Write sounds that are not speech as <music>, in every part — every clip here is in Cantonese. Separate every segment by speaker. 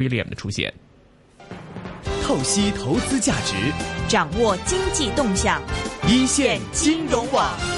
Speaker 1: 威廉的出現，透析投資價值，掌握經濟動向，一線金融網。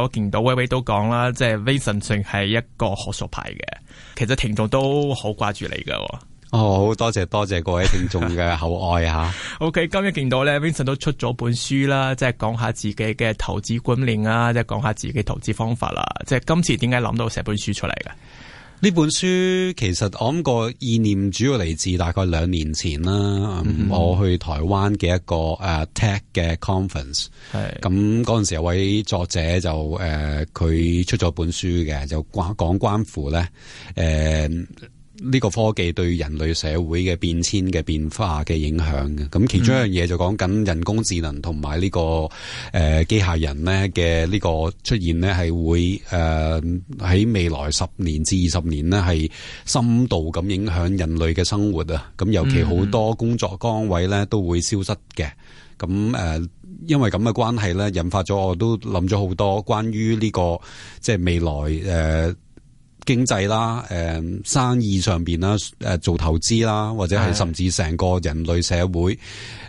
Speaker 1: 我見到威威都講啦，即係 Vincent 係一個學術派嘅，其實聽眾都好掛住你噶。
Speaker 2: 哦，好多謝多謝各位聽眾嘅厚愛吓。
Speaker 1: <laughs> 啊、OK，今日見到咧 Vincent 都出咗本書啦，即係講下自己嘅投資觀念啊，即係講下自己投資方法啦。即係今次點解諗到寫本書出嚟嘅？
Speaker 2: 呢本書其實我諗個意念主要嚟自大概兩年前啦，嗯、哼我去台灣嘅一個誒、uh, Tech 嘅 conference，咁嗰陣是時有位作者就誒佢、uh, 出咗本書嘅，就講講關乎咧誒。Uh, 呢個科技對人類社會嘅變遷嘅變化嘅影響嘅，咁其中一樣嘢就講緊人工智能同埋呢個誒機械人咧嘅呢個出現呢係會誒喺未來十年至二十年呢係深度咁影響人類嘅生活啊！咁尤其好多工作崗位咧都會消失嘅。咁誒，因為咁嘅關係咧，引發咗我都諗咗好多關於呢個即係未來誒。呃經濟啦，誒，生意上邊啦，誒，做投資啦，或者係甚至成個人類社會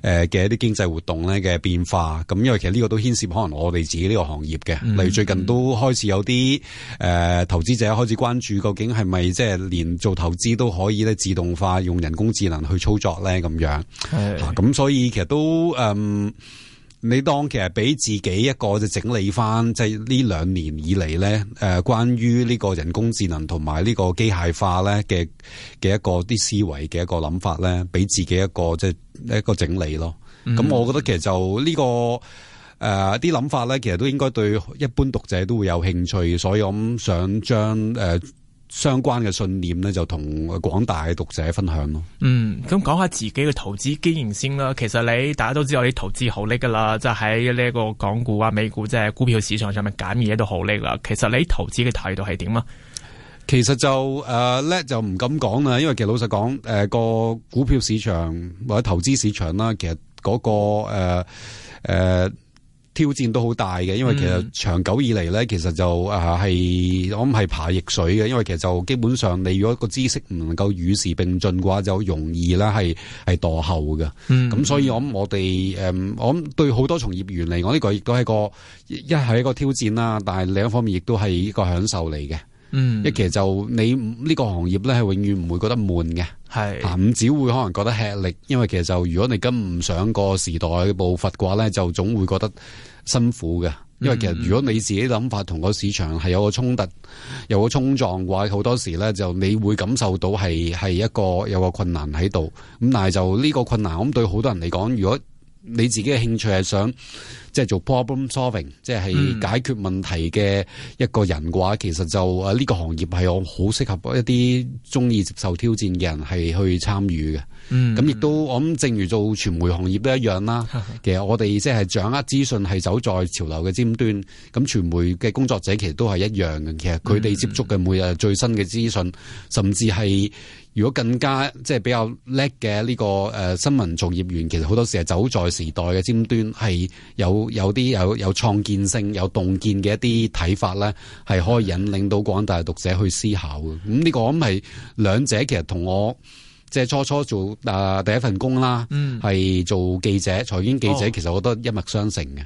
Speaker 2: 誒嘅一啲經濟活動咧嘅變化，咁因為其實呢個都牽涉可能我哋自己呢個行業嘅，例如最近都開始有啲誒、呃、投資者開始關注，究竟係咪即係連做投資都可以咧自動化用人工智能去操作咧咁樣，
Speaker 1: 係是的、啊，咁、
Speaker 2: 嗯、所以其實都誒。嗯你當其實俾自己一個就整理翻，即係呢兩年以嚟咧，誒、呃，關於呢個人工智能同埋呢個機械化咧嘅嘅一個啲思維嘅一個諗法咧，俾自己一個即係、就是、一個整理咯。咁、嗯、我覺得其實就呢、這個誒啲諗法咧，其實都應該對一般讀者都會有興趣，所以我想將誒。呃相關嘅信念咧，就同廣大嘅讀者分
Speaker 1: 享咯。嗯，咁講下自己嘅投資經驗先啦。其實你大家都知道，你投資好叻噶啦，就喺呢一個港股啊、美股即係股票市場上面揀嘢都好叻啦。其實你投資嘅態度係點啊？其實就誒咧、呃，就唔敢講啦。因為其實老實講，誒、
Speaker 2: 呃、個股票市場或者投資市場啦，其實嗰、那個誒誒。呃呃挑戰都好大嘅，因為其實長久以嚟咧，其實就誒係、啊、我諗係爬逆水嘅。因為其實就基本上，你如果個知識唔能夠與時並進嘅話，就好容易啦係係墮後嘅。咁、嗯、所以我諗我哋誒、嗯，我諗對好多從業員嚟講，我、這、呢個亦都係一個一係一個挑戰啦，但係另一方面亦都係一個享受嚟嘅。嗯，一其實就你呢個行業咧係永遠唔會覺得悶嘅，係吓唔只會可能覺得吃力，因為其實就如果你跟唔上個時代步伐嘅話咧，就總會覺得辛苦嘅。因為其實如果你自己諗法同個市場係有個衝突，有個衝撞嘅話，好多時咧就你會感受到係係一個有個困難喺度。咁但係就呢個困難，咁對好多人嚟講，如果。你自己嘅興趣係想即係做 problem solving，即係解決問題嘅一個人嘅話，嗯、其實就啊呢、呢個行業係我好適合一啲中意接受挑戰嘅人係去參與嘅。咁亦、嗯、都我諗正如做傳媒行業都一樣啦。 <laughs> 其實我哋即係掌握資訊係走在潮流嘅尖端，咁傳媒嘅工作者其實都係一樣嘅。其實佢哋接觸嘅每日最新嘅資訊，甚至係。如果更加即係比較叻嘅呢個誒、呃、新聞從業員，其實好多時係走在時代嘅尖端，係有有啲有有創建性、有洞見嘅一啲睇法咧，係可以引領到廣大讀者去思考嘅。咁、嗯、呢、這個咁咪兩者其實同我即係初初做誒、呃、第一份工啦，嗯，係做記者、財經記者，哦、其實我覺得一脈相承嘅。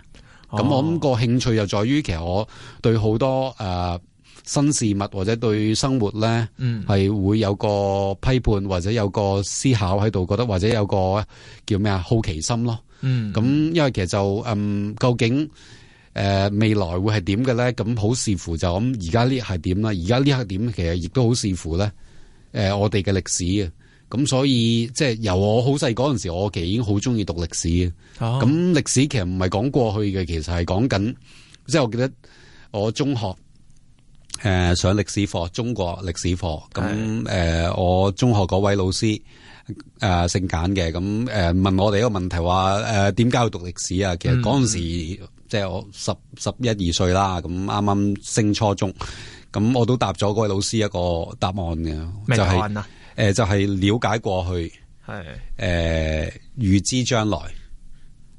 Speaker 2: 咁、哦、我諗個興趣就在於，其實我對好多誒。呃新事物或者對生活咧，係、嗯、會有個批判或者有個思考喺度，覺得或者有個叫咩啊好奇心咯。嗯，咁因為其實就嗯，究竟誒、呃、未來會係點嘅咧？咁好視乎就咁而家呢係點啦。而家呢刻點其實亦都好視乎咧。誒、呃、我哋嘅歷史啊，咁所以即係、就是、由我好細嗰陣時，我其實已經好中意讀歷史嘅。咁歷、哦、史其實唔係講過去嘅，其實係講緊即係我記得我中學。誒、呃，上歷史課，中國歷史課，咁、嗯、誒、嗯呃，我中學嗰位老師誒姓簡嘅，咁、呃、誒、呃、問我哋一個問題話，誒點解要讀歷史啊？其實嗰陣時、嗯、即係我十十一二歲啦，咁啱啱升初中，咁、嗯、我都答咗嗰位老師一個答案嘅、啊就係呃，就係誒就係了解過去，係誒預知將來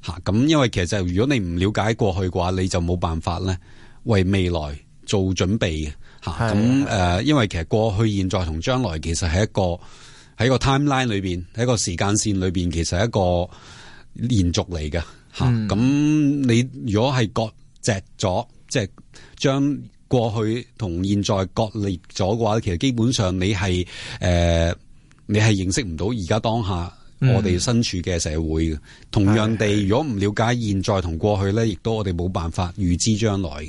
Speaker 2: 吓，咁、嗯嗯、因為其實就如果你唔了解過去嘅話，你就冇辦法咧為未來。做準備嘅嚇，咁誒的、啊，因為其實過去、現在同將來，其實係一個喺個 timeline 裏邊，喺個時間線裏邊，其實係一個連續嚟嘅嚇。咁、嗯啊、你如果係割截咗，即、就、係、是、將過去同現在割裂咗嘅話，其實基本上你係誒、呃，你係認識唔到而家當下。我哋身處嘅社會，同樣地，如果唔了解現在同過去咧，亦都我哋冇辦法預知將來。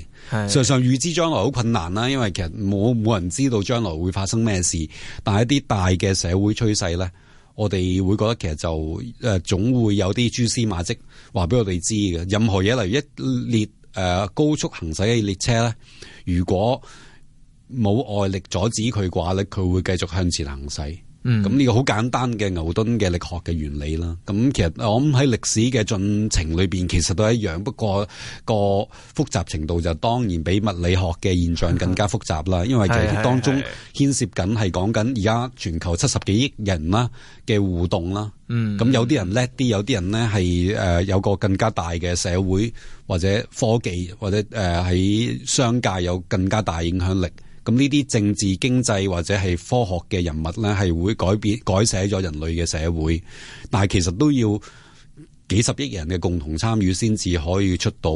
Speaker 2: 事實上，預知將來好困難啦，因為其實冇冇人知道將來會發生咩事。但係一啲大嘅社會趨勢咧，我哋會覺得其實就誒、呃，總會有啲蛛絲馬跡話俾我哋知嘅。任何嘢，例如一列誒、呃、高速行駛嘅列車咧，如果冇外力阻止佢嘅話咧，佢會繼續向前行駛。嗯，咁呢個好簡單嘅牛頓嘅力學嘅原理啦。咁其實我諗喺歷史嘅進程裏邊，其實都一樣。不過個複雜程度就當然比物理學嘅現象更加複雜啦。嗯、因為其中當中牽涉緊係講緊而家全球七十幾億人啦嘅互動啦。嗯，咁、嗯、有啲人叻啲，有啲人呢係誒，有個更加大嘅社會或者科技或者誒喺商界有更加大影響力。咁呢啲政治、經濟或者係科學嘅人物咧，係會改變改寫咗人類嘅社會，但係其實都要幾十億人嘅共同參與先至可以出到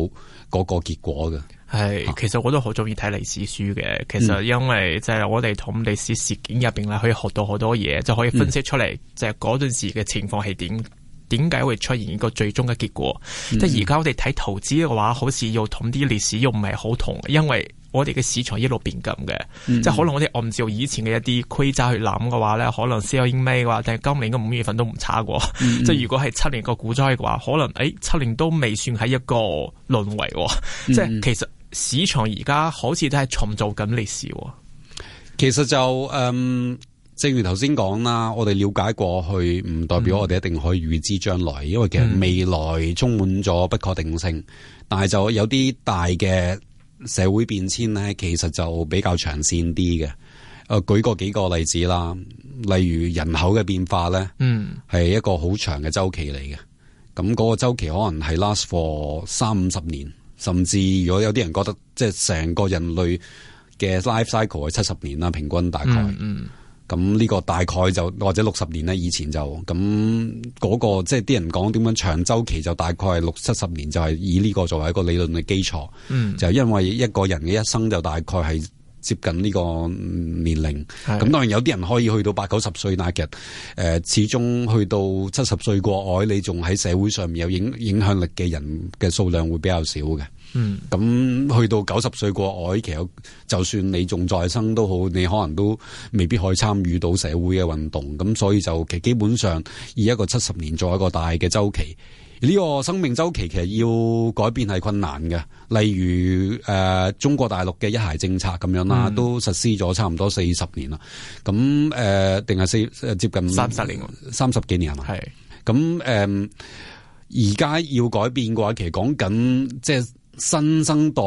Speaker 2: 嗰個結果嘅。
Speaker 1: 係其實我都好中意睇歷史書嘅。其實因為就係我哋同歷史事件入邊咧，可以學到好多嘢，嗯、就可以分析出嚟，就係嗰陣時嘅情況係點點解會出現呢個最終嘅結果。嗯、即係而家我哋睇投資嘅話好似要同啲歷史又唔係好同，因為。我哋嘅市場一路變咁嘅，嗯嗯，即係可能我哋按照以前嘅一啲規則去諗嘅話咧，可能 sell in May 嘅話，但係今年嘅五月份都唔差過。即係如果係七年個股災嘅話，可能誒、嗯嗯、七,七年都未算係一個輪迴。嗯嗯，即係其實市場而家好似都係重造緊歷史。
Speaker 2: 其實就誒、嗯，正如頭先講啦，我哋了解過去唔代表我哋一定可以預知將來，嗯、因為其實未來充滿咗不確定性。但係就有啲大嘅。社會變遷咧，其實就比較長線啲嘅。誒、呃，舉個幾個例子啦，例如人口嘅變化咧，嗯，係一個好長嘅周期嚟嘅。咁嗰個週期可能係 last for 三五十年，甚至如果有啲人覺得，即係成個人類嘅 life cycle 係七十年啦，平均大概。嗯嗯咁呢個大概就或者六十年咧，以前就咁嗰個即係啲人講點樣長週期就大概六七十年，就係以呢個作為一個理論嘅基礎。嗯，就因為一個人嘅一生就大概係接近呢個年齡咁，是的 當然有啲人可以去到八九十歲那日誒，始終去到七十歲過外，你仲喺社會上面有影影響力嘅人嘅數量會比較少嘅。嗯，咁去到九十歲過外，其實就算你仲在生都好，你可能都未必可以參與到社會嘅運動。咁所以就其基本上以一個七十年作為一個大嘅周期，呢個生命周期其實要改變係困難嘅。例如誒、呃、中國大陸嘅一孩政策咁樣啦，嗯、都實施咗差唔多四十年啦。咁誒，定係四接近三十年，三十幾年係嘛？係是。咁誒，而、呃、家要改變嘅話，其實講緊即係。就是新生代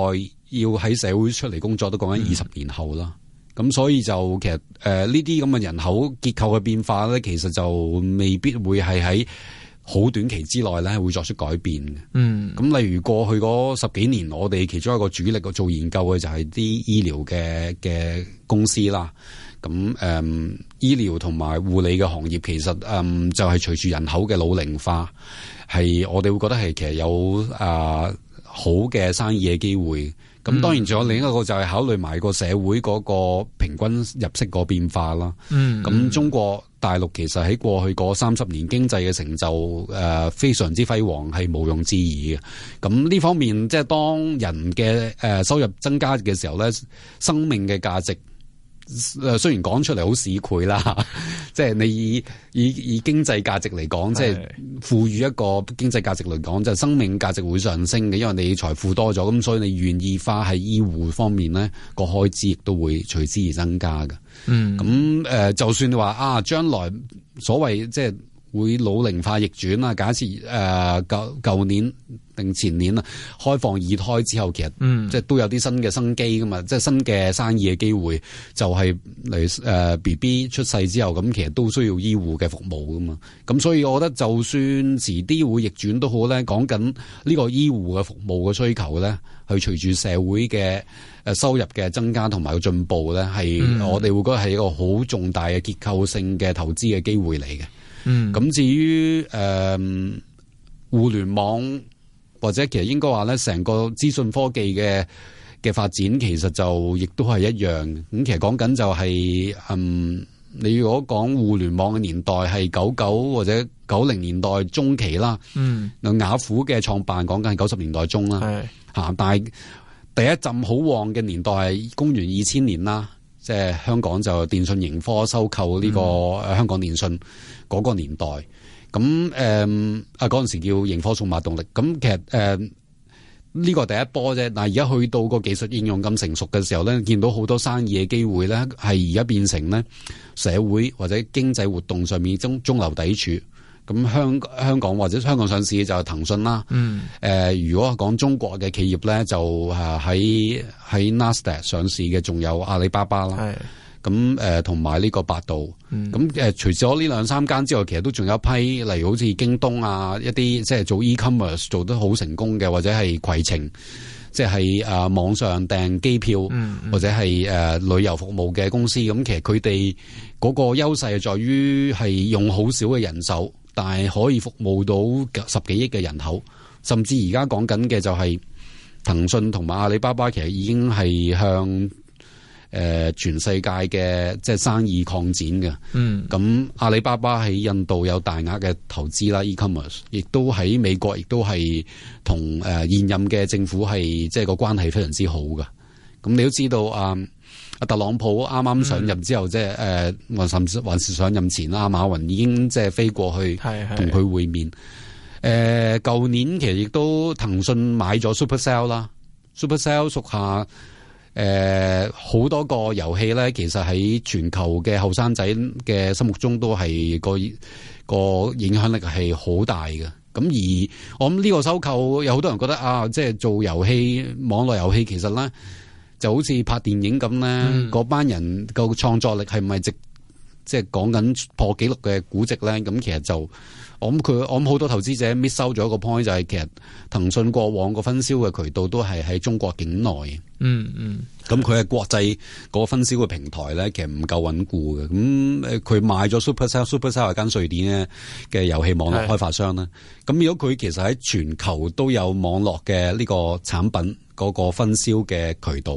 Speaker 2: 要喺社會出嚟工作，都講緊二十年後啦。咁、嗯、所以就其實誒呢啲咁嘅人口結構嘅變化咧，其實就未必會係喺好短期之內咧會作出改變嘅。嗯，咁例如過去嗰十幾年，我哋其中一個主力個做研究嘅就係啲醫療嘅嘅公司啦。咁誒、嗯，醫療同埋護理嘅行業，其實誒、嗯、就係、是、隨住人口嘅老齡化，係我哋會覺得係其實有誒。啊好嘅生意嘅機會，咁當然仲有另一個就係考慮埋個社會嗰個平均入息個變化啦。嗯，咁中國大陸其實喺過去嗰三十年經濟嘅成就誒、呃、非常之輝煌，係毋庸置疑嘅。咁呢方面即係當人嘅誒、呃、收入增加嘅時候咧，生命嘅價值。誒雖然講出嚟好市儈啦，即 <laughs> 係你以以以經濟價值嚟講，即、就、係、係、賦予一個經濟價值嚟講，就係生命價值會上升嘅，因為你財富多咗，咁所以你願意花喺醫護方面咧，個開支亦都會隨之而增加㗎。嗯，咁誒，就算你話啊，將來所謂即係。會老齡化逆轉啊，假設誒，舊、呃、舊年定前年啊，開放二胎之後，其實即係都有啲新嘅生機噶嘛，即係、嗯、新嘅生意嘅機會就係嚟誒，B B 出世之後咁，其實都需要醫護嘅服務噶嘛。咁所以我覺得，就算遲啲會逆轉都好咧，講緊呢個醫護嘅服務嘅需求咧，去隨住社會嘅誒收入嘅增加同埋進步咧，係、嗯、我哋會覺得係一個好重大嘅結構性嘅投資嘅機會嚟嘅。嗯，咁至於誒、嗯，互聯網或者其實應該話咧，成個資訊科技嘅嘅發展其實就亦都係一樣。咁、嗯、其實講緊就係，嗯，你如果講互聯網嘅年代係九九或者九零年代中期啦，嗯，雅虎嘅創辦講緊係九十年代中啦，係吓，但係第一陣好旺嘅年代係公元二千年啦，即係香港就電訊盈科收購呢個香港電訊。嗯嗯嗰個年代，咁誒、嗯、啊嗰陣時叫盈科數碼動力，咁其實誒呢、嗯這個第一波啫。但係而家去到個技術應用咁成熟嘅時候咧，見到好多生意嘅機會咧，係而家變成咧社會或者經濟活動上面中中流砥柱。咁香香港或者香港上市嘅就係騰訊啦。嗯。誒、呃，如果講中國嘅企業咧，就誒喺喺納斯達克上市嘅，仲有阿里巴巴啦。係。咁誒同埋呢個百度，咁誒、嗯嗯、除咗呢兩三間之外，其實都仲有一批，例如好似京東啊，一啲即係做 e-commerce 做得好成功嘅，或者係攜程，即係誒網上訂機票，嗯嗯、或者係誒、啊、旅遊服務嘅公司。咁、嗯、其實佢哋嗰個優勢在於係用好少嘅人手，但係可以服務到十幾億嘅人口，甚至而家講緊嘅就係騰訊同埋阿里巴巴，其實已經係向。誒、呃，全世界嘅即係生意擴展嘅，嗯，咁阿里巴巴喺印度有大額嘅投資啦，E-commerce，亦都喺美國，亦都係同誒現任嘅政府係即係個關係非常之好嘅。咁你都知道啊，阿特朗普啱啱上任之後，即係誒，甚至還是上任前啦，馬雲已經即係飛過去同佢會面。誒的，舊、呃、年其實亦都騰訊買咗 Supercell 啦，Supercell 屬下。誒，好、呃、多個遊戲咧，其實喺全球嘅後生仔嘅心目中都係個個影響力係好大嘅。咁而我諗呢個收購，有好多人覺得啊，即係做遊戲、網絡遊戲，其實咧就好似拍電影咁咧。嗰、嗯、班人個創作力係咪值？即係講緊破紀錄嘅估值咧？咁其實就。我諗佢，我諗好多投資者 miss 收咗一個 point 就係其實騰訊過往個分銷嘅渠道都係喺中國境內，嗯。嗯嗯。咁佢係國際個分銷嘅平台咧，其實唔夠穩固嘅。咁佢買咗 Supercell，Supercell 係間瑞典嘅遊戲網絡開發商啦。咁是如果佢其實喺全球都有網絡嘅呢個產品，嗰、那個分銷嘅渠道，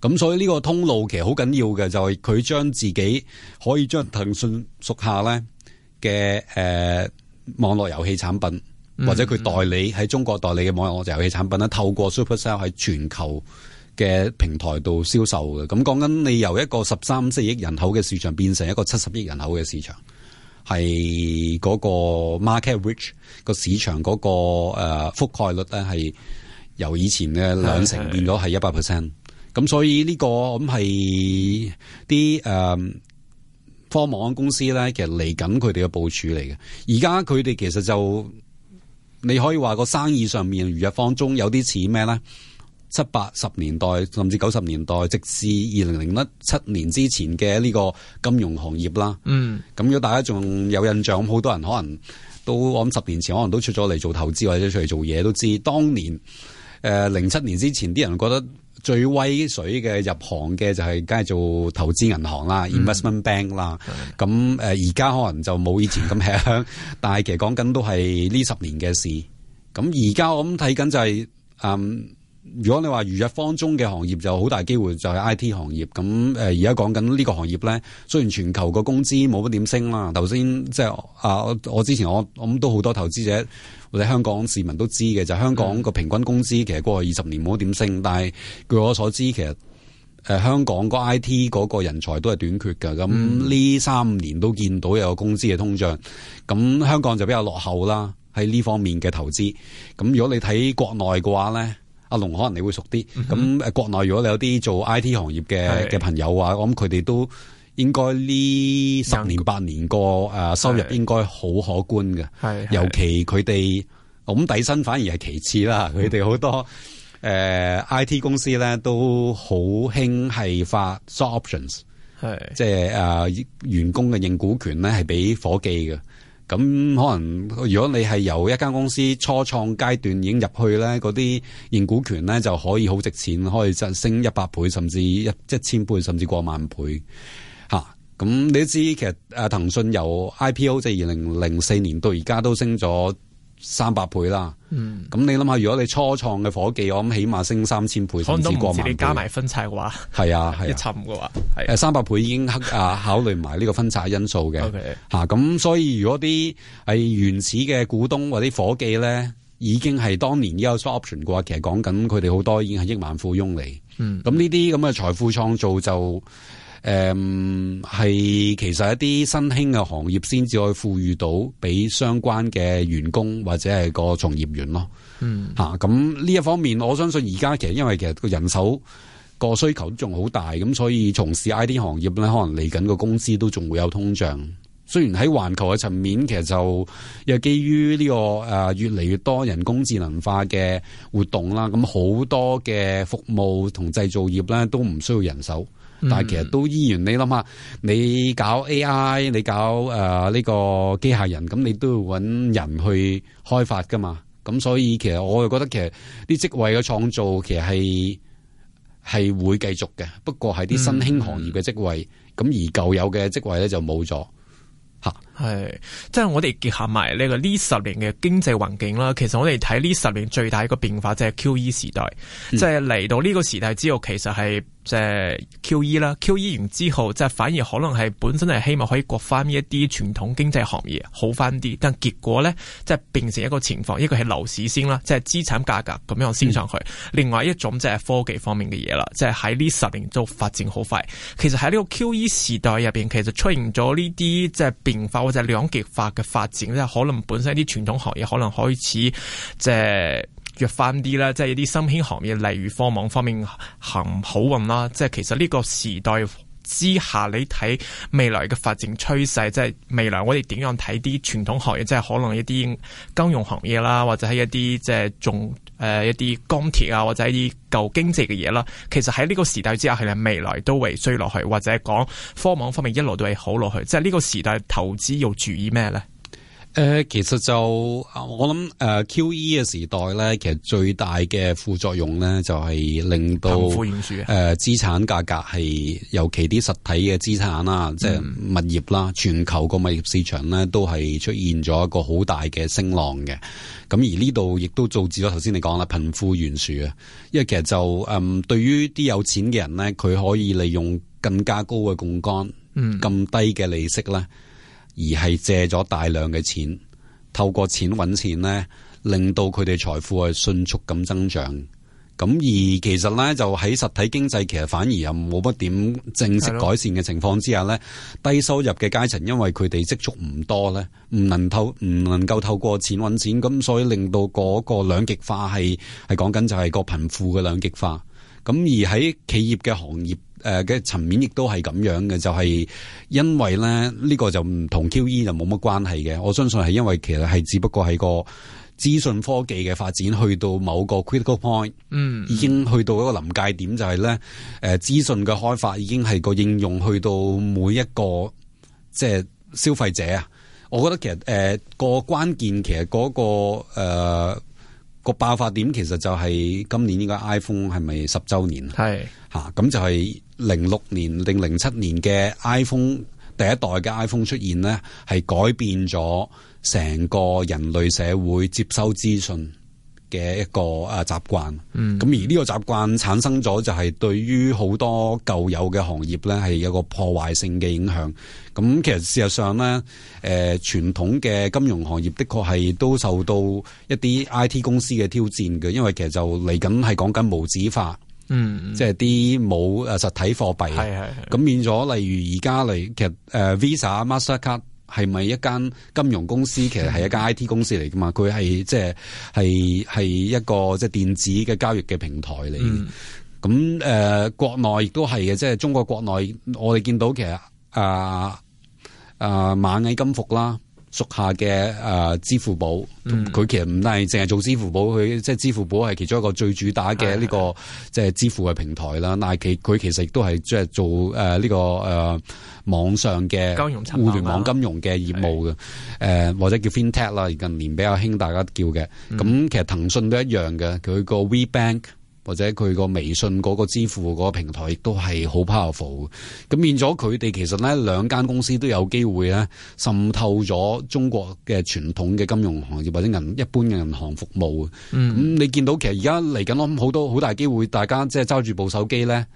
Speaker 2: 咁所以呢個通路其實好緊要嘅，就係、是、佢將自己可以將騰訊屬下咧嘅誒。呃網絡遊戲產品或者佢代理喺、嗯、中國代理嘅網絡遊戲產品咧，透過 Supercell 喺全球嘅平台度銷售嘅。咁講緊你由一個十三四億人口嘅市場變成一個七十億人口嘅市場，係嗰個 market reach 個市場嗰、嗰個誒覆蓋率咧係由以前嘅兩成變咗係一百 percent。咁所以呢個咁係啲誒。呃科網公司咧，其實嚟緊佢哋嘅部署嚟嘅。而家佢哋其實就你可以話個生意上面如日方中有啲似咩咧？七八十年代甚至九十年代，直至二零零七年之前嘅呢個金融行業啦。嗯，咁如果大家仲有印象，好多人可能都我諗十年前可能都出咗嚟做投資，或者出嚟做嘢都知。當年誒零七年之前，啲人覺得，最威水嘅入行嘅就係梗係做投資銀行啦，investment bank 啦，咁誒而家可能就冇以前咁吃香， <laughs> 但係其實講緊都係呢十年嘅事，咁而家我諗睇緊就係、是，嗯。如果你話如日方中嘅行業就好大機會就係 IT 行業咁誒而家講緊呢個行業咧，雖然全球個工資冇乜點升啦，頭先即係啊我之前我我諗都好多投資者或者香港市民都知嘅，就係、香港個平均工資其實過去二十年冇乜點升，但係據我所知，其實誒、呃、香港個 IT 嗰個人才都係短缺噶，咁呢三年都見到有個工資嘅通脹，咁香港就比較落後啦喺呢方面嘅投資。咁如果你睇國內嘅話咧？阿龍可能你會熟啲，咁、嗯、哼國內如果你有啲做 IT 行業嘅嘅是朋友啊，我諗佢哋都應該呢十年八年個誒、呃、收入應該好可觀嘅，是尤其佢哋，咁是底薪反而係其次啦。佢哋好多誒、呃、IT 公司咧都好興係發 stock options，係是即係誒、呃、員工嘅認股權咧係俾伙計嘅。咁、嗯、可能如果你係由一間公司初創階段已經入去咧，嗰啲認股權咧就可以好值錢，可以升一百倍，甚至一一千倍，甚至過萬倍嚇。咁、啊嗯、你都知其實誒、啊、騰訊由 IPO 即係二零零四年到而家都升咗三百倍啦，咁、嗯、你諗下，如果你初創嘅伙計，我諗起碼升三千倍甚至過萬倍。你加埋
Speaker 1: 分拆嘅話，係啊，啊一沉嘅話，
Speaker 2: 誒、啊，三百倍已經慮 <laughs> 啊，考慮埋呢個分拆因素嘅吓。咁所以如果啲係原始嘅股東或者伙計咧，已經係當年有 stock option 嘅話，其實講緊佢哋好多已經係億萬富翁嚟。嗯，咁呢啲咁嘅財富創造就。.誒，係、um, 其實一啲新興嘅行業先至可以富裕到，俾相關嘅員工或者係個從業員咯。嗯，吓咁呢一方面，我相信而家其實因為其實個人手個需求仲好大，咁所以從事 IT 行業咧，可能嚟緊個工資都仲會有通脹。雖然喺環球嘅層面，其實就又基於呢、這個誒、啊、越嚟越多人工智能化嘅活動啦，咁好多嘅服務同製造業咧都唔需要人手。但係其實都依然，你諗下，你搞 A I，你搞誒呢、呃這個機械人，咁你都要揾人去開發噶嘛？咁所以其實我又覺得，其實啲職位嘅創造其實係係會繼續嘅，不過係啲新興行業嘅職位，咁、嗯、而舊有嘅職位咧就冇咗
Speaker 1: 吓。係、啊、即係我哋結合埋呢個呢十年嘅經濟環境啦。其實我哋睇呢十年最大一個變化，就係、是、Q E 時代，即係嚟到呢個時代之後，其實係。即係 QE 啦，QE 完之後，即係反而可能係本身係希望可以國翻呢一啲傳統經濟行業好翻啲，但結果咧，即係變成一個情況，一個係樓市先啦，即係資產價格咁樣升上去；嗯、另外一種即係科技方面嘅嘢啦，即係喺呢十年都發展好快。其實喺呢個 QE 時代入邊，其實出現咗呢啲即係變化或者兩極化嘅發展，即係可能本身啲傳統行業可能開始即係。即係約翻啲啦，即係一啲新興行業，例如科網方面行好運啦。即係其實呢個時代之下，你睇未來嘅發展趨勢，即係未來我哋點樣睇啲傳統行業，即係可能一啲金融行業啦，或者係一啲即係仲誒一啲鋼鐵啊，或者一啲舊、呃、經濟嘅嘢啦。其實喺呢個時代之下，係咪未來都會衰落去，或者係講科網方面一路都係好落去？即係呢個時代投資要注意咩咧？誒、呃，其實就我諗誒、呃、QE 嘅時代咧，其實最大
Speaker 2: 嘅副作用咧，就係、是、令到貧富懸殊誒、啊，資、呃、產價格係尤其啲實體嘅資產啦，即係、嗯、物業啦，全球個物業市場咧都係出現咗一個好大嘅升浪嘅。咁而呢度亦都導致咗頭先你講啦，貧富懸殊啊。因為其實就誒、呃，對於啲有錢嘅人咧，佢可以利用更加高嘅槓桿，咁、嗯、低嘅利息咧。而係借咗大量嘅錢，透過錢揾錢咧，令到佢哋財富係迅速咁增長。咁而其實咧，就喺實體經濟其實反而又冇乜點正式改善嘅情況之下咧，的低收入嘅階層因為佢哋積蓄唔多咧，唔能透、唔能夠透過錢揾錢，咁所以令到嗰個兩極化係，係講緊就係個貧富嘅兩極化。咁而喺企業嘅行業誒嘅層面，亦都係咁樣嘅，就係、是，因為咧，呢個就唔同 QE 就冇乜關係嘅。我相信係因為其實係只不過係個資訊科技嘅發展去到某個 critical point，嗯，嗯，已經去到一個臨界點，就是，就係咧誒資訊嘅開發已經係個應用去到每一個即係消費者啊。我覺得其實誒、呃那個關鍵其實嗰、那個誒。呃個爆發點其實就係今年呢個 iPhone 係咪十周年是啊？係吓，咁就係零六年定零七年嘅 iPhone 第一代嘅 iPhone 出現咧，係改變咗成個人類社會接收資訊。嘅一個啊習慣，咁、嗯、而呢個習慣產生咗就係對於好多舊有嘅行業咧係有個破壞性嘅影響。咁其實事實上咧，誒、呃、傳統嘅金融行業的確係都受到一啲 IT 公司嘅挑戰嘅，因為其實就嚟緊係講緊無紙化，嗯，即係啲冇誒實體貨幣，係係係，咁變咗例如而家嚟其實誒、呃、Visa、Mastercard。係咪一間金融公司？其實係一間 IT 公司嚟噶嘛？佢係即係係係一個即係電子嘅交易嘅平台嚟嘅。咁誒、嗯嗯呃，國內亦都係嘅，即係中國國內我哋見到其實啊啊，螞蟻金服啦。屬下嘅誒、呃、支付寶，佢、嗯、其實唔單係淨係做支付寶，佢即係支付寶係其中一個最主打嘅呢個即係支付嘅平台啦。是是是是但係佢佢其實亦都係即係做誒呢、呃這個誒、呃、網上嘅互聯網金融嘅業務嘅誒是是、呃，或者叫 FinTech 啦，近年比較興大家叫嘅。咁、嗯嗯、其實騰訊都一樣嘅，佢個 WeBank。Bank 或者佢個微信嗰個支付嗰個平台亦都係好 powerful 嘅，咁變咗佢哋其實呢兩間公司都有機會咧滲透咗中國嘅傳統嘅金融行業或者銀一般嘅銀行服務咁，嗯、你見到其實而家嚟緊我諗，好多好大機會，大家即係揸住部手機咧，誒、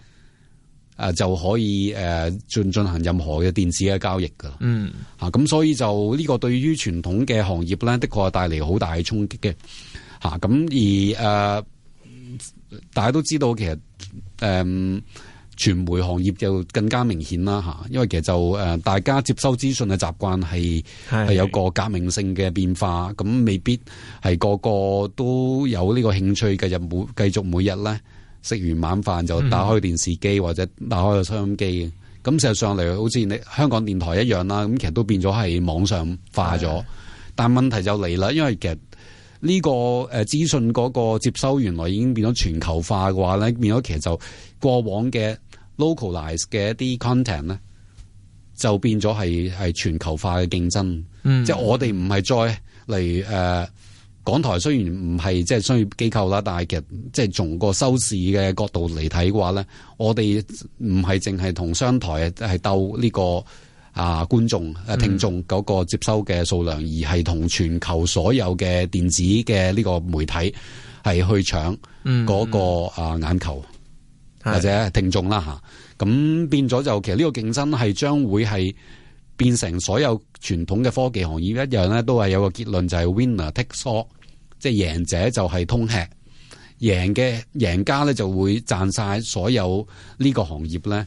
Speaker 2: 啊、就可以誒、啊、進進行任何嘅電子嘅交易
Speaker 1: 噶。嗯，
Speaker 2: 嚇咁，啊、所以就呢、呢個對於傳統嘅行業咧，的確係帶嚟好大嘅衝擊嘅。嚇、啊、咁而誒。啊而啊大家都知道，其實誒，嗯、傳媒行業就更加明顯啦吓，因為其實就誒、呃，大家接收資訊嘅習慣係係有個革命性嘅變化，咁未必係個個都有呢個興趣嘅，日每繼續每日咧食完晚飯就打開電視機、嗯、或者打開個收音機嘅，咁事實上嚟，好似你香港電台一樣啦，咁其實都變咗係網上化咗，的但問題就嚟啦，因為其實。呢個誒資訊嗰個接收原來已經變咗全球化嘅話咧，變咗其實就過往嘅 localized 嘅一啲 content 咧，就變咗係係全球化嘅競爭，嗯、即係我哋唔係再嚟誒、呃、港台雖然唔係即係商業機構啦，但係其實即係從個收視嘅角度嚟睇嘅話咧，我哋唔係淨係同商台係鬥呢、這個。啊！觀眾誒、啊、聽眾個接收嘅數量，嗯、而係同全球所有嘅電子嘅呢個媒體係去搶嗰個啊眼球，嗯、或者聽眾啦吓，咁是、啊、變咗就其實呢個競爭係將會係變成所有傳統嘅科技行業一樣咧，都係有個結論就係、是、winner take all 即係贏者就係通吃，贏嘅贏家咧就會賺晒所有呢個行業咧。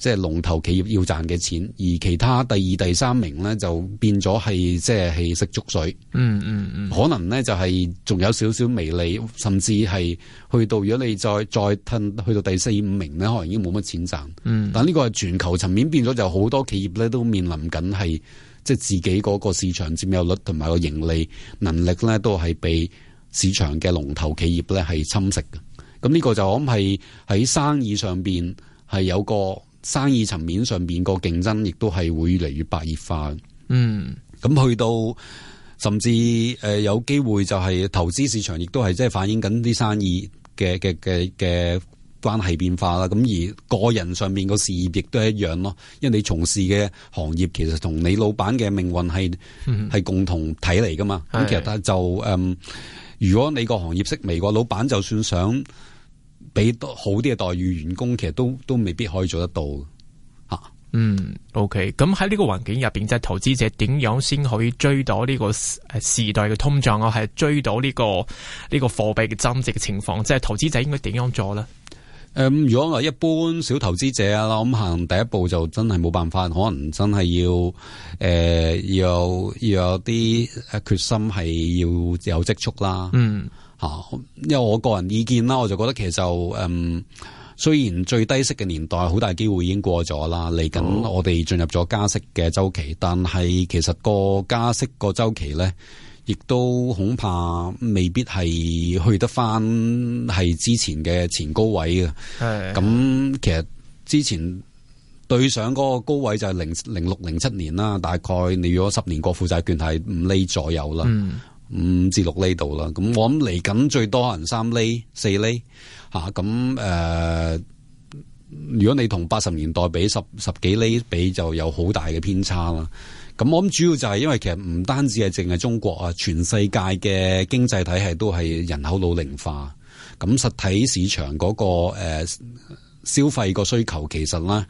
Speaker 2: 即係龍頭企業要賺嘅錢，而其他第二、第三名咧就變咗係即係係食粥水。嗯
Speaker 1: 嗯嗯，嗯可
Speaker 2: 能咧就係、是、仲有少少微利，甚至係去到如果你再再褪去到第四五名咧，可能已經冇乜錢賺。嗯，但呢個係全球層面變咗，就好多企業咧都面臨緊係即係自己嗰個市場佔有率同埋個盈利能力咧，都係被市場嘅龍頭企業咧係侵蝕嘅。咁呢個就我諗係喺生意上邊係有個。生意層面上邊個競爭亦都係會越嚟越白熱化。嗯，咁去到甚至誒、呃、有機會就係投資市場，亦都係即係反映緊啲生意嘅嘅嘅嘅關係變化啦。咁而個人上面個事業亦都係一樣咯。因為你從事嘅行業其實同你老闆嘅命運係係共同體嚟㗎嘛。咁的其實就誒、嗯，如果你個行業式微，個老闆就算想。俾多好啲嘅待遇，員工其實都都未必可以做得到，
Speaker 1: 吓、啊。嗯，OK。咁喺呢個環境入邊，即係投資者點樣先可以追到呢個誒時代嘅通脹啊？係追到呢、這個呢、這個貨幣嘅增值嘅情況？即、就、係、是、投資者應該點樣做咧？
Speaker 2: 誒、嗯，如果我一般小投資者啊，咁行第一步就真係冇辦法，可能真係要誒，有、呃、要有啲決心係要有積蓄啦。嗯。啊，因為我個人意見啦，我就覺得其實就嗯，雖然最低息嘅年代好大機會已經過咗啦，嚟緊我哋進入咗加息嘅周期，但係其實個加息個周期咧，亦都恐怕未必係去得翻係之前嘅前高位嘅。係咁是的，其實之前對上嗰個高位就係零零六零七年啦，大概你如果十年國庫債券係五厘左右啦。嗯五至六厘度啦，咁我諗嚟緊最多可能三厘、四厘吓，咁、啊、誒、嗯，如果你同八十年代比十十幾厘比，就有好大嘅偏差啦。咁我諗主要就係因為其實唔單止係淨係中國啊，全世界嘅經濟體係都係人口老齡化，咁實體市場嗰、那個誒、呃、消費個需求，其實咧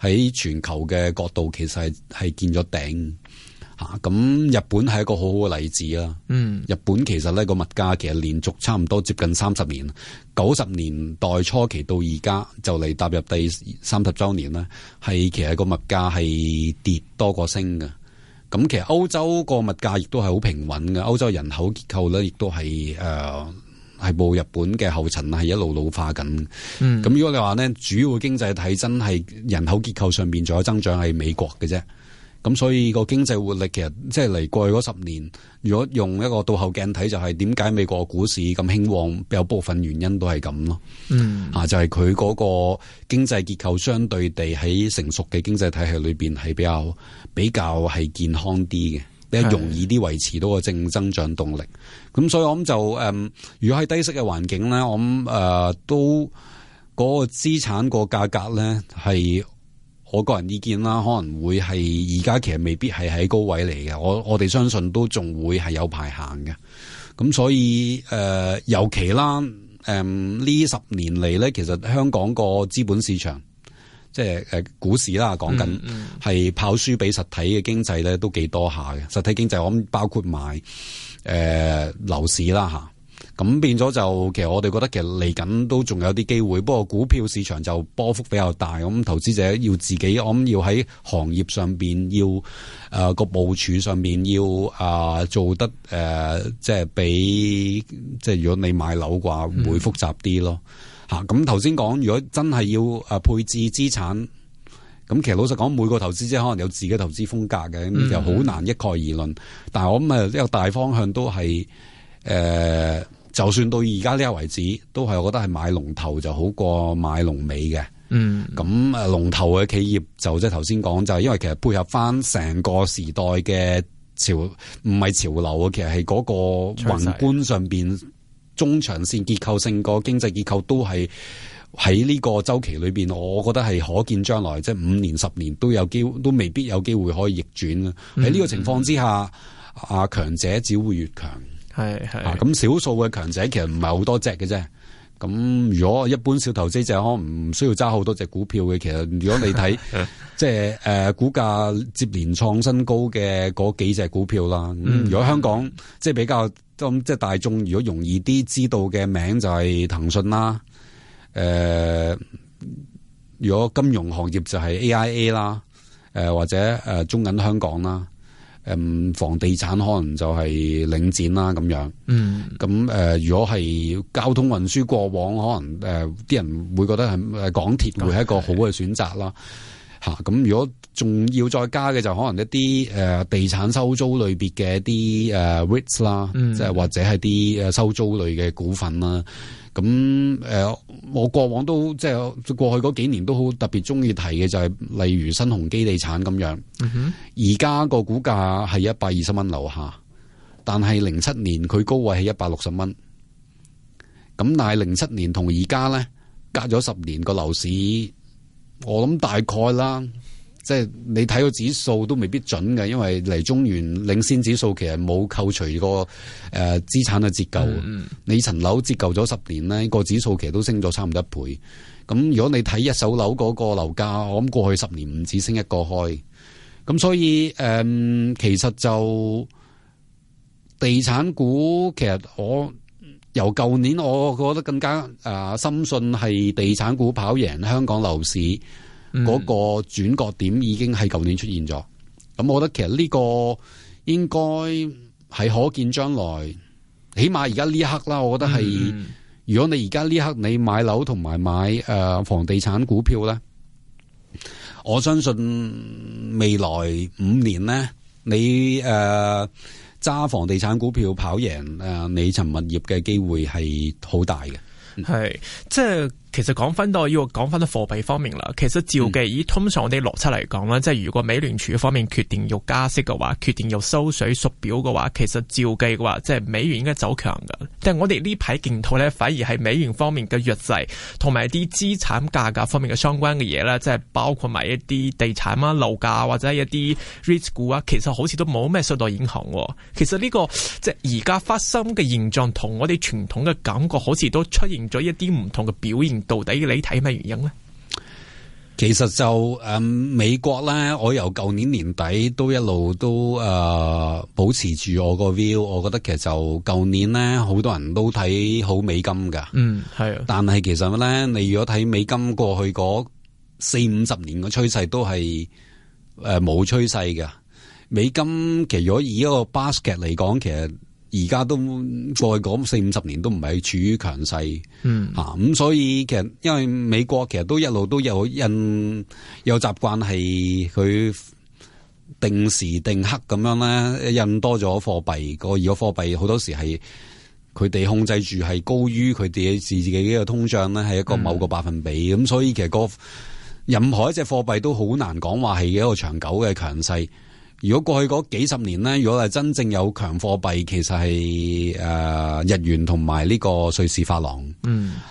Speaker 2: 喺全球嘅角度，其實係係見咗頂。咁、啊、日本係一個好好嘅例子啦。嗯，日本其實呢個物價其實連續差唔多接近三十年，九十年代初期到而家就嚟踏入第三十周年啦。係其實個物價係跌多過升嘅。咁、嗯、其實歐洲個物價亦都係好平穩嘅。歐洲人口結構咧亦都係誒係步日本嘅後塵，係一路老化緊。咁、嗯、如果你話呢，主要經濟體真係人口結構上面仲有增長係美國嘅啫。咁所以個經濟活力其實即係嚟，過去嗰十年，如果用一個倒後鏡睇，就係點解美國股市咁興旺，有部分原因都係咁咯。嗯，啊，就係佢嗰個經濟結構相對地喺成熟嘅經濟體系裏邊係比較比較係健康啲嘅，比較容易啲維持到個正增長動力。咁是所以我諗就誒、嗯，如果係低息嘅環境咧，我諗誒、呃、都嗰、那個資產個價格咧係。我個人意見啦，可能會係而家其實未必係喺高位嚟嘅，我我哋相信都仲會係有排行嘅。咁所以誒、呃，尤其啦，誒、呃、呢、呃、十年嚟咧，其實香港個資本市場，即係誒、呃、股市啦，講緊係跑輸俾實體嘅經濟咧，都幾多下嘅。實體經濟我諗包括埋誒、呃、樓市啦吓。啊咁變咗就，其實我哋覺得其實嚟緊都仲有啲機會，不過股票市場就波幅比較大，咁、嗯、投資者要自己，我諗要喺行業上邊要，誒、呃、個部署上邊要啊、呃、做得誒、呃，即係畀即係如果你買樓嘅話、嗯、會複雜啲咯，吓咁頭先講如果真係要誒配置資產，咁、嗯、其實老實講每個投資者可能有自己投資風格嘅，就好難一概而論，嗯、但係我諗誒一個大方向都係誒。呃就算到而家呢個為止，都係我覺得係買龍頭就好過買龍尾嘅。嗯，咁啊，龍頭嘅企業就即係頭先講，就係、是就是、因為其實配合返成個時代嘅潮，唔係潮流啊，其實係嗰個宏觀上邊中長線結構性個經濟結構都係喺呢個周期裏邊，我覺得係可見將來即係五年十年都有機會，都未必有機會可以逆轉啊，喺呢、嗯、個情況之下，啊，強者只會越強。係係，咁少數嘅強者其實唔係好多隻嘅啫。咁如果一般小投資者可能唔需要揸好多隻股票嘅，其實如果你睇， <laughs> 即係誒股價接連創新高嘅嗰幾隻股票啦。嗯、如果香港、嗯、即係比較、嗯、即係大眾，如果容易啲知道嘅名就係騰訊啦，誒、呃，如果金融行業就係 AIA 啦，呃，誒或者誒、呃、中銀香港啦。呃嗯，房地產可能就係領展啦，咁樣。嗯，咁誒、呃，如果係交通運輸過往，可能誒啲、呃、人會覺得係港鐵會係一個好嘅選擇啦。吓，咁如果仲要再加嘅就可能一啲誒、呃、地產收租類別嘅一啲誒 REITs 啦，即、呃、係、嗯、或者係啲誒收租類嘅股份啦、啊。咁誒、呃、我過往都即係、就是、過去嗰幾年都好特別中意提嘅就係例如新鴻基地產咁樣，而家個股價係一百二十蚊樓下，但係零七年佢高位係一百六十蚊。咁但係零七年同而家咧隔咗十年個樓市。我諗大概啦，即係你睇個指數都未必準嘅，因為嚟中原領先指數其實冇扣除、個誒資、呃、產嘅折舊。嗯、你層樓折舊咗十年咧，個指數其實都升咗差唔多一倍。咁如果你睇一手樓嗰個樓價，我諗過去十年唔止升一個開。咁所以誒、嗯，其實就地產股其實我。由舊年，我覺得更加誒、呃，深信係地產股跑贏香港樓市嗰個轉角點已經係舊年出現咗。咁、嗯、我覺得其實呢個應該係可見將來，起碼而家呢一刻啦，我覺得係，嗯、如果你而家呢一刻你買樓同埋買誒、呃、房地產股票咧，我相信未來五年咧，你誒。呃揸房地產股票跑贏，誒，你尋物業嘅機會係好大嘅，係即
Speaker 1: 係，就是。其實講翻到要講翻到貨幣方面啦，其實照計、嗯、以通常我哋邏輯嚟講啦，即係如果美聯儲方面決定要加息嘅話，決定要收水縮表嘅話，其實照計嘅話，即係美元應該走強㗎。但係我哋呢排見到咧，反而係美元方面嘅弱勢，同埋一啲資產價格方面嘅相關嘅嘢咧，即係包括埋一啲地產啦、樓價或者一啲 risk 啊，其實好似都冇咩受到影響。其實呢個即係而家發生嘅現狀，同我哋傳統嘅感覺好似都出現咗一啲唔同嘅表現。到底你睇咩原因咧？
Speaker 2: 其實就誒、嗯，美國咧，我由舊年年底都一路都誒、呃、保持住我個 view，我覺得其實就舊年咧，好多人都睇好美金噶。嗯，係。但係其實咧，你如果睇美金過去嗰四五十年嘅趨勢，都係誒冇趨勢嘅。美金其實如果以一個 basket 嚟講，其實。而家都再講四五十年都唔係處於強勢，嗯啊，咁所以其實因為美國其實都一路都有印，有習慣係佢定時定刻咁樣咧印多咗貨幣，那個而個貨幣好多時係佢哋控制住係高於佢哋自己嘅通脹咧，係一個某個百分比，咁、嗯嗯、所以其實、那個、任何一隻貨幣都好難講話係一個長久嘅強勢。如果過去嗰幾十年呢，如果係真正有強貨幣，其實係誒、呃、日元同埋呢個瑞士法郎，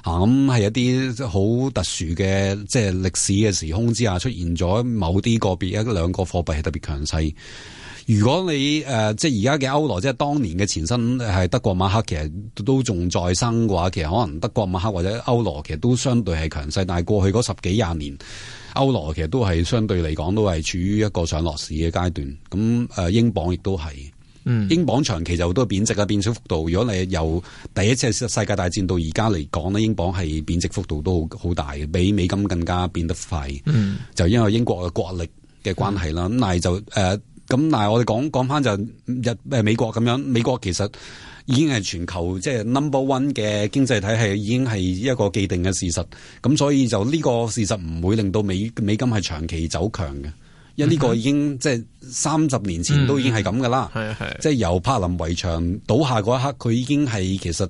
Speaker 2: 嚇咁係一啲好特殊嘅，即係歷史嘅時空之下出現咗某啲個別一兩個貨幣係特別強勢。如果你誒、呃、即係而家嘅歐羅，即係當年嘅前身係德國馬克，其實都仲在生嘅話，其實可能德國馬克或者歐羅其實都相對係強勢，但係過去嗰十幾廿年。歐羅其實都係相對嚟講都係處於一個上落市嘅階段，咁誒英鎊亦都係，英鎊、嗯、長期就都係貶值啊，貶值幅度。如果你由第一次世界大戰到而家嚟講咧，英鎊係貶值幅度都好好大嘅，比美金更加變得快，嗯、就因為英國嘅國力嘅關係啦。咁但係就誒。呃咁，嗱我哋講講翻就日誒美國咁樣，美國其實已經係全球即係、就是、number one 嘅經濟體系，已經係一個既定嘅事實。咁所以就呢個事實唔會令到美美金係長期走強嘅，因為呢個已經即係三十年前都已經係咁噶啦。係啊係，即、hmm. 係由柏林圍牆倒下一刻，佢已經係其實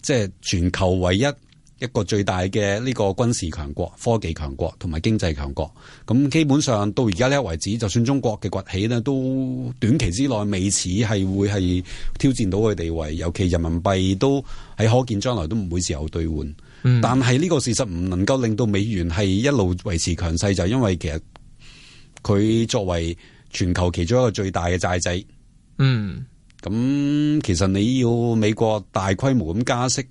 Speaker 2: 即係、就是、全球唯一。一個最大嘅呢個軍事強國、科技強國同埋經濟強國，咁基本上到而家呢一為止，就算中國嘅崛起呢，都短期之內未似係會係挑戰到佢地位。尤其人民幣都喺可見將來都唔會自由兌換。嗯、但係呢個事實唔能夠令到美元係一路維持強勢，就因為其實佢作為全球其中一個最大嘅債仔。嗯，咁其實你要美國大規模咁加息。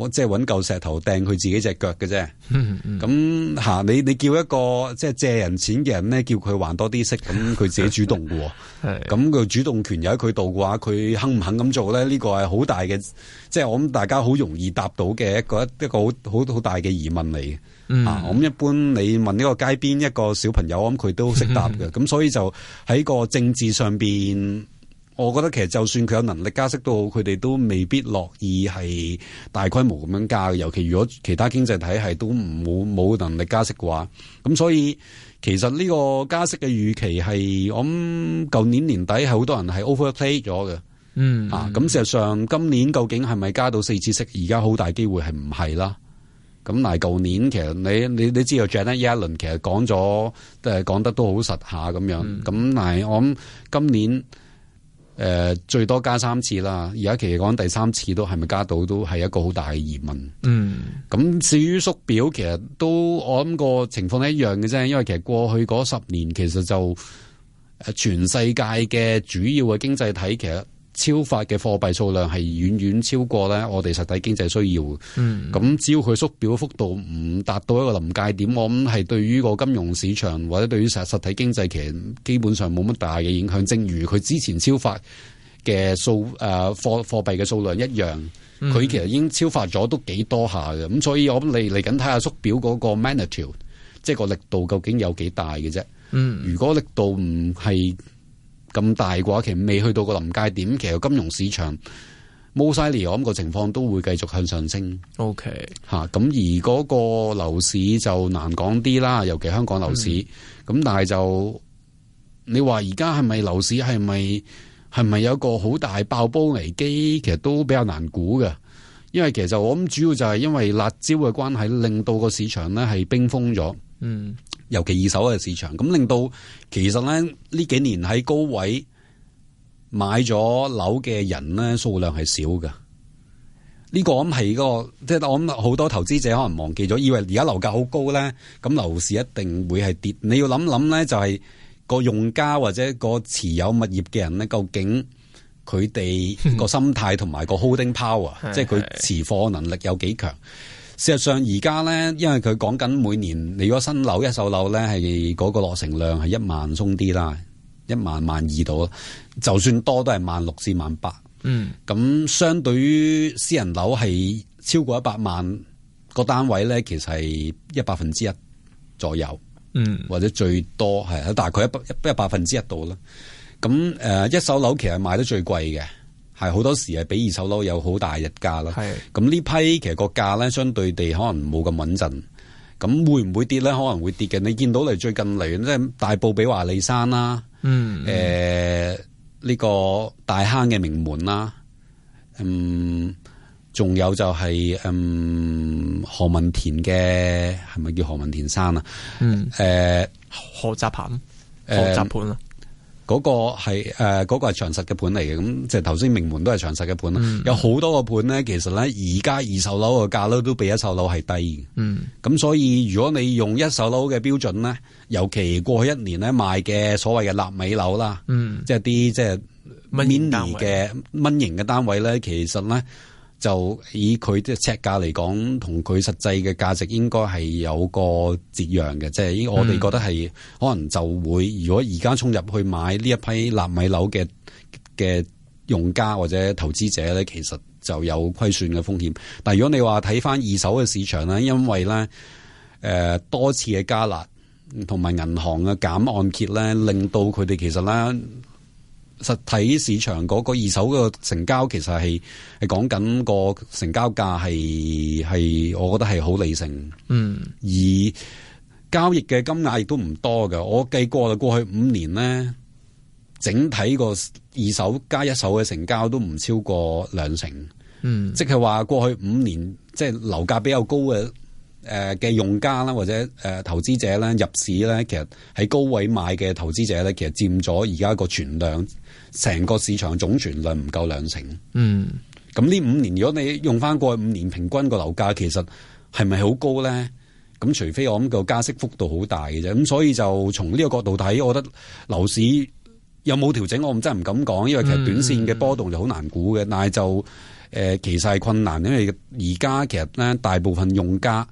Speaker 2: 我即係揾嚿石頭掟佢自己隻腳嘅啫，咁吓、嗯嗯、你你叫一個即係借人錢嘅人咧，叫佢還多啲息，咁佢自己主動嘅，咁佢 <laughs> 是主動權又喺佢度嘅話，佢肯唔肯咁做咧？呢、這個係好大嘅，即、就、係、是、我諗大家好容易答到嘅一個一個好好好大嘅疑問嚟嘅。嗯、啊，我諗一般你問呢個街邊一個小朋友，我諗佢都識答嘅。咁、嗯嗯、所以就喺個政治上邊。我覺得其實就算佢有能力加息都好，佢哋都未必樂意係大規模咁樣加嘅。尤其如果其他經濟體系都冇冇能力加息嘅話，咁所以其實呢個加息嘅預期係我諗舊年年底係好多人係 overplay 咗嘅。嗯啊，咁事實上今年究竟係咪加到四次息？而家好大機會係唔係啦。咁但係舊年其實你你你知道 Janet Yellen 其實講咗都係講得都好實下咁、啊、樣。咁、嗯、但係我諗今年。誒、呃，最多加三次啦。而家其實講第三次都係咪加到都係一個好大嘅疑問？嗯，咁至於縮表，其實都我諗個情況係一樣嘅啫。因為其實過去嗰十年，其實就誒，全世界嘅主要嘅經濟體其實。超發嘅貨幣數量係遠遠超過咧，我哋實體經濟需要嘅。咁、嗯、只要佢縮表幅度唔達到一個臨界點，我諗係對於個金融市場或者對於實實體經濟，其實基本上冇乜大嘅影響。正如佢之前超發嘅數誒、啊、貨貨幣嘅數量一樣，佢其實已經超發咗都幾多下嘅。咁、嗯、所以我諗嚟嚟緊睇下縮表嗰個 magnitude 即係個力度究竟有幾大嘅啫。嗯，如果力度唔係咁大嘅話，其實未去到個臨界點，其實金融市場冇晒利好，我諗個情況都會繼續向上升。OK，吓咁而嗰個樓市就難講啲啦，尤其香港樓市。咁、嗯、但係就你話而家係咪樓市係咪係咪有個好大爆煲危機？其實都比較難估嘅，因為其實我諗主要就係因為辣椒嘅關係，令到個市場呢係冰封咗。嗯。尤其二手嘅市場，咁令到其實咧呢幾年喺高位買咗樓嘅人咧數量係少嘅。呢、這個我諗係個，即係我諗好多投資者可能忘記咗，以為而家樓價好高咧，咁樓市一定會係跌。你要諗諗咧，就係、是、個用家或者個持有物業嘅人咧，究竟佢哋個心態同埋個 holding power， <laughs> 即係佢持貨能力有幾強？事實上，而家咧，因為佢講緊每年你嗰新樓一手樓咧，係、那、嗰個落成量係一萬鬆啲啦，一萬萬二度，就算多都係萬六至萬八。嗯，咁相對於私人樓係超過一百萬、那個單位咧，其實係一百分之一左右，嗯，或者最多係大概一百一百分之一度啦。咁誒、呃，一手樓其實賣得最貴嘅。係好多時係比二手樓有好大日價咯，咁呢是批其實個價咧相對地可能冇咁穩陣，咁會唔會跌咧？可能會跌嘅。你見到嚟最近嚟，即係大埔比華利山啦、嗯呃這個，嗯，誒，呢個大坑嘅名門啦，嗯，仲有就係嗯何文田嘅，係咪叫何文田山啊？嗯，誒、呃、
Speaker 1: 何澤鵬，
Speaker 2: 何澤鵬啊。呃何嗰個係誒嗰個係長實嘅盤嚟嘅，咁即係頭先名門都係長實嘅盤、嗯、有好多個盤咧，其實咧而家二手樓嘅價咧都比一手樓係低嘅。咁、嗯、所以如果你用一手樓嘅標準咧，尤其過去一年咧賣嘅所謂嘅納米樓啦，即係啲即係 mini 嘅蚊型嘅單位咧，其實咧。就以佢啲尺價嚟講，同佢實際嘅價值應該係有個折讓嘅，嗯、即係我哋覺得係可能就會，如果而家衝入去買呢一批納米樓嘅嘅用家或者投資者咧，其實就有虧損嘅風險。但係如果你話睇翻二手嘅市場咧，因為咧誒、呃、多次嘅加辣同埋銀行嘅減按揭咧，令到佢哋其實咧。實體市場嗰個二手個成交其實係係講緊個成交價，係係我覺得係好理性，嗯，而交易嘅金額亦都唔多噶。我計過啦，過去五年咧，整體個二手加一手嘅成交都唔超過兩成，嗯，即係話過去五年即係、就是、樓價比較高嘅誒嘅用家啦，或者誒、呃、投資者咧入市咧，其實喺高位買嘅投資者咧，其實佔咗而家個存量。成個市場嘅總存量唔夠兩成，嗯，咁呢五年如果你用翻過去五年平均個樓價，其實係咪好高咧？咁除非我諗個加息幅度好大嘅啫，咁所以就從呢個角度睇，我覺得樓市有冇調整，我唔真係唔敢講，因為其實短線嘅波動就好難估嘅，嗯、但係就誒、呃、其實係困難，因為而家其實咧大部分用家。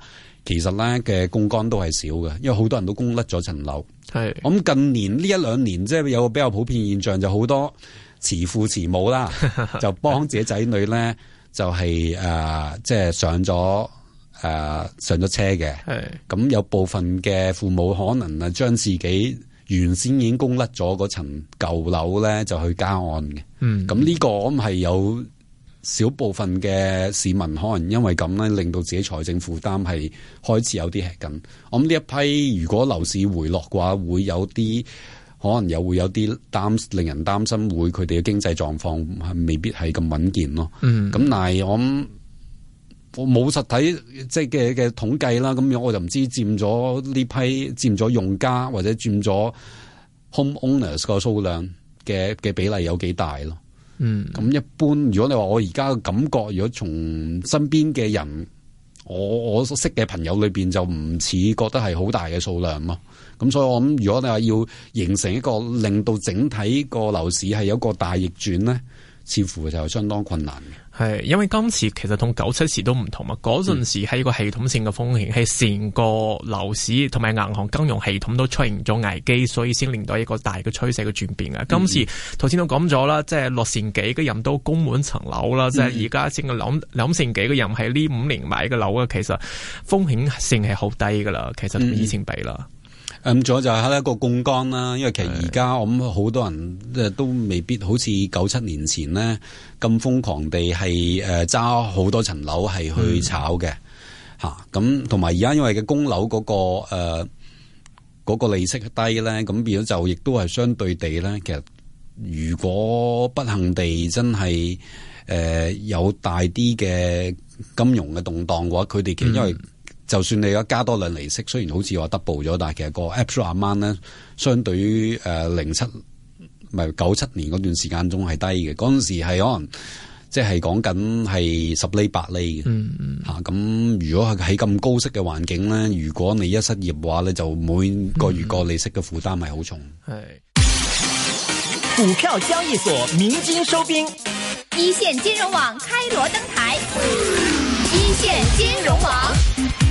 Speaker 2: 其實咧嘅槓桿都係少嘅，因為好多人都供甩咗層樓。係是，咁近年呢一兩年即係有個比較普遍現象，就好、是、多慈父慈母啦， <laughs> 就幫自己仔女咧就係誒即係上咗誒、呃、上咗車嘅。係是，咁有部分嘅父母可能啊將自己原先已經供甩咗嗰層舊樓咧就去加按嘅。嗯，咁呢個我諗係有。少部分嘅市民可能因為咁咧，令到自己財政負擔係開始有啲吃緊。咁呢一批如果樓市回落嘅話，會有啲可能又會有啲擔令人擔心會佢哋嘅經濟狀況係未必係咁穩健咯。咁、嗯、但係我冇實體即係嘅嘅統計啦，咁樣我就唔知佔咗呢批佔咗用家或者佔咗 homeowners 個數量嘅嘅比例有幾大咯。嗯，咁一般，如果你話我而家嘅感覺，如果從身邊嘅人，我我所識嘅朋友裏邊就唔似覺得係好大嘅數量咯。咁所以我諗，如果你話要形成一個令到整體個樓市係有個大逆轉
Speaker 1: 咧，似乎就相當困難嘅。係，因為今次其實同九七時都唔同啊！嗰陣時係一個系統性嘅風險，係成、嗯、個樓市同埋銀行金融系統都出現咗危機，所以先令到一個大嘅趨勢嘅轉變啊！嗯、今次頭先都講咗啦，即係六成幾嘅人都供滿層樓啦，嗯、即係而家先兩兩成幾嘅人喺呢五年買嘅樓啊，其實風險性係好低噶啦，其實同以前比啦。嗯嗯咁仲有
Speaker 2: 就係喺一個槓桿啦，因為其實而家的我諗好多人都都未必好似九七年前咧，咁瘋狂地係誒揸好多層樓係去炒嘅吓，咁同埋而家因為嘅供樓嗰個誒、呃嗰個利息低咧，咁變咗就亦都係相對地咧，其實如果不幸地真係誒、呃、有大啲嘅金融嘅動盪嘅話，佢哋其實因為。嗯就算你而家加多兩利息，雖然好似話 l e 咗，但係其實個 April 阿媽咧，相對於誒零七唔咪九七年嗰段時間中係低嘅。嗰陣時係可能即係講緊係十厘八厘
Speaker 1: 嘅
Speaker 2: 吓。咁、嗯嗯啊、如果係喺咁高息嘅環境咧，如果你一失業嘅話咧，就每個月個利息嘅負擔係好重。
Speaker 1: 係、嗯。股是票交易所明金收兵，一綫金融網開鑼登台，嗯、一綫金融網。嗯